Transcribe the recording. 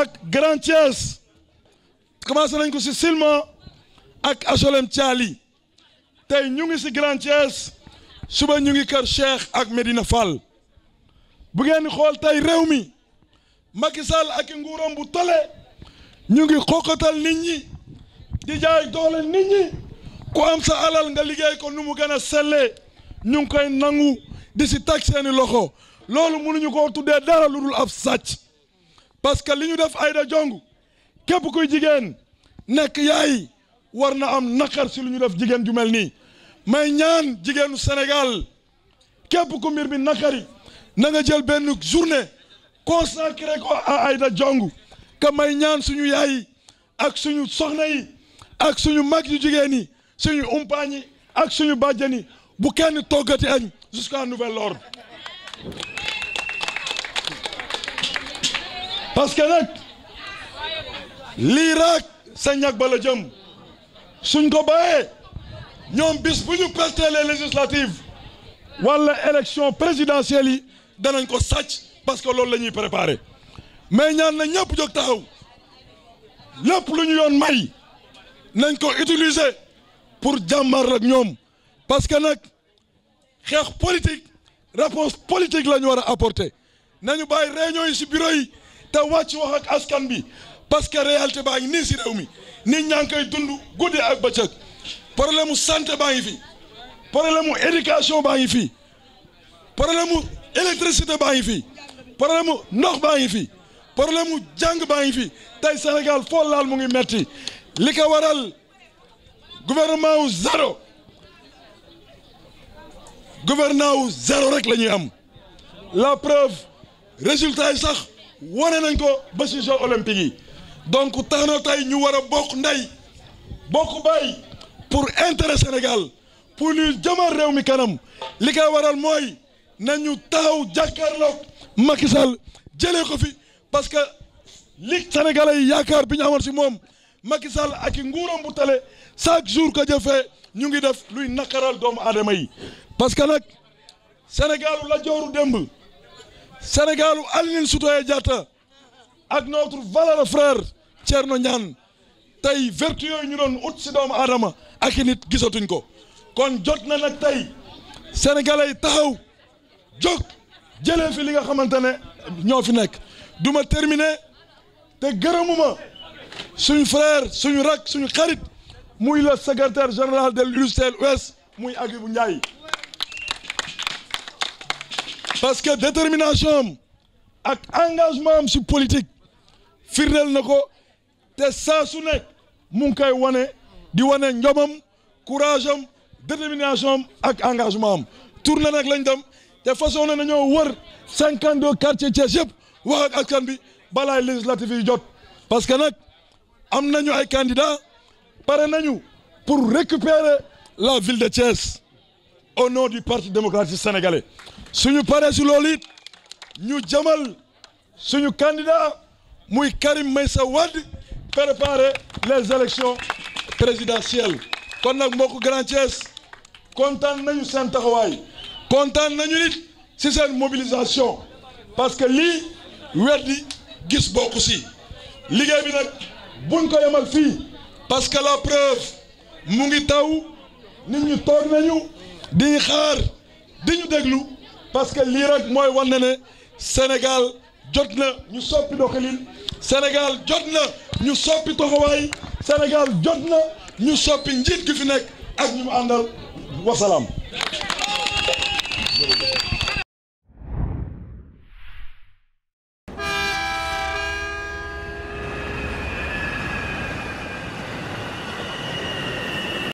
ak Grand Thiès commencé nañ ko si Silma ak HLM Thiali tey ñu ngi si Grand Thiès suba ñu ngi kër Cheikh ak Medina Fall bu ngeen xool tey réew mi Macky Sall ak nguuram bu tole ñu ngi xoqatal nit ñi di jaay doole nit ñi ku am sa alal nga liggéey ko nu mu gën a sellee ñu ngi koy nangu di si teg seeni loxo loolu mënuñu koo tuddee dara lu dul ab sàcc parce que li ñu def Aïda Ndiongue képp kuy jigéen nekk yaay war na am naqar si lu ñu def jigéen ju mel nii may ñaan jigéenu Sénégal képp ku mbir bi naqari na jël benn journée consacré ko à Aïda Ndiongue que may ñaan suñu yaay ak suñu soxna yi ak suñu mag yu jigéen yi suñu umpaañ ak suñu bàjjen yi bu kenn toggati añ jusqu'à nuvel ordre parce que nag lii raak sa ñag ba la jëm suñ ko bàyyee ñoom bis bu ñu perte les législatives wala élection présidentielle yi danañ ko sàcc parce que loolu la ñuy préparé mais ñaan na ñëpp jóg taxaw lépp lu ñu yoon may nañ ko utiliser pour jàmmar ak ñoom parce que nag xeex politique réponse politique la ñu war a apporter nañu bàyyi réunion yi si bureau yi te wàcc wax ak askan bi parce que réalité baa ngi nii si réew mi nit ñaa ngi koy dund guddi ak bëccëg problème mu santé baa ngi fi problème mu éducation baa ngi fi problème mu électricité baa ngi fi problème mu ndox baa ngi fi problème mu jàng baa ngi fi tey senegal foo laal mu ngi metti li ko waral gouvernement wu zéro gouvernement wu zéro rek la ñuy am la preuve résultat yi sax. wane nañ ko ba ci Jeux olympiques yi donc tax na tey ñu war a bokk ndey bokk baay pour intérêt Sénégal pour lu jëmal réew mi kanam li koy waral mooy nañu taxaw jàkkaarloog Macky Sall jëlee ko fi parce que li Sénégalais yi yaakaar bi ñu amoon ci moom Macky Sall ak i nguuram bu tale chaque jour que jëfee ñu ngi def luy naqaral doomu aadama yi parce que nag Sénégalu la jooru démb. Sénégal u Aline Sitoé Diatta ak notre valeur frère Thierno Niane tey vertu yooyu ñu doon ut si doomu aadama ak nit gisatuñ ko kon jot na nag tey sénégalais yi taxaw jóg jëlee fi li nga xamante ne ñoo fi nekk duma ma te gërëmuma suñu frère suñu rak suñu xarit muy le secrétaire général de l'UCL-US muy agi bu Ndiaye parce que détermination am ak engagement am si politique firndeel na ko te saa su nekk mu wane di wane njomam courage am détermination am ak engagement am tournée nag lañ dem te façon nañoo wër cinquante deux quartiers Thiès yëpp wax ak askan bi balaay législative yi jot parce que nag am nañu ay candidats pare nañu pour récupérer la ville de Thiès au nom du parti démocratique sénégalais suñu paree si loolu it ñu jëmal suñu candidat muy Karim Meïssa Wade préparer les élections présidentielles kon nag mbokku Grand kontaan nañu seen taxawaay kontaan nañu it si seen mobilisation parce que lii weddi gis bokku si liggéey bi nag buñ ko yemal fii parce que la preuve mu ngi taw nit ñi toog nañu di xaar di ñu déglu parce que lii rek mooy wan ne Sénégal jot na ñu soppi doxalin Sénégal jot na ñu soppi taxawaay Sénégal jot na ñu soppi njiit gi fi nekk ak ñu mu àndal wasalaam.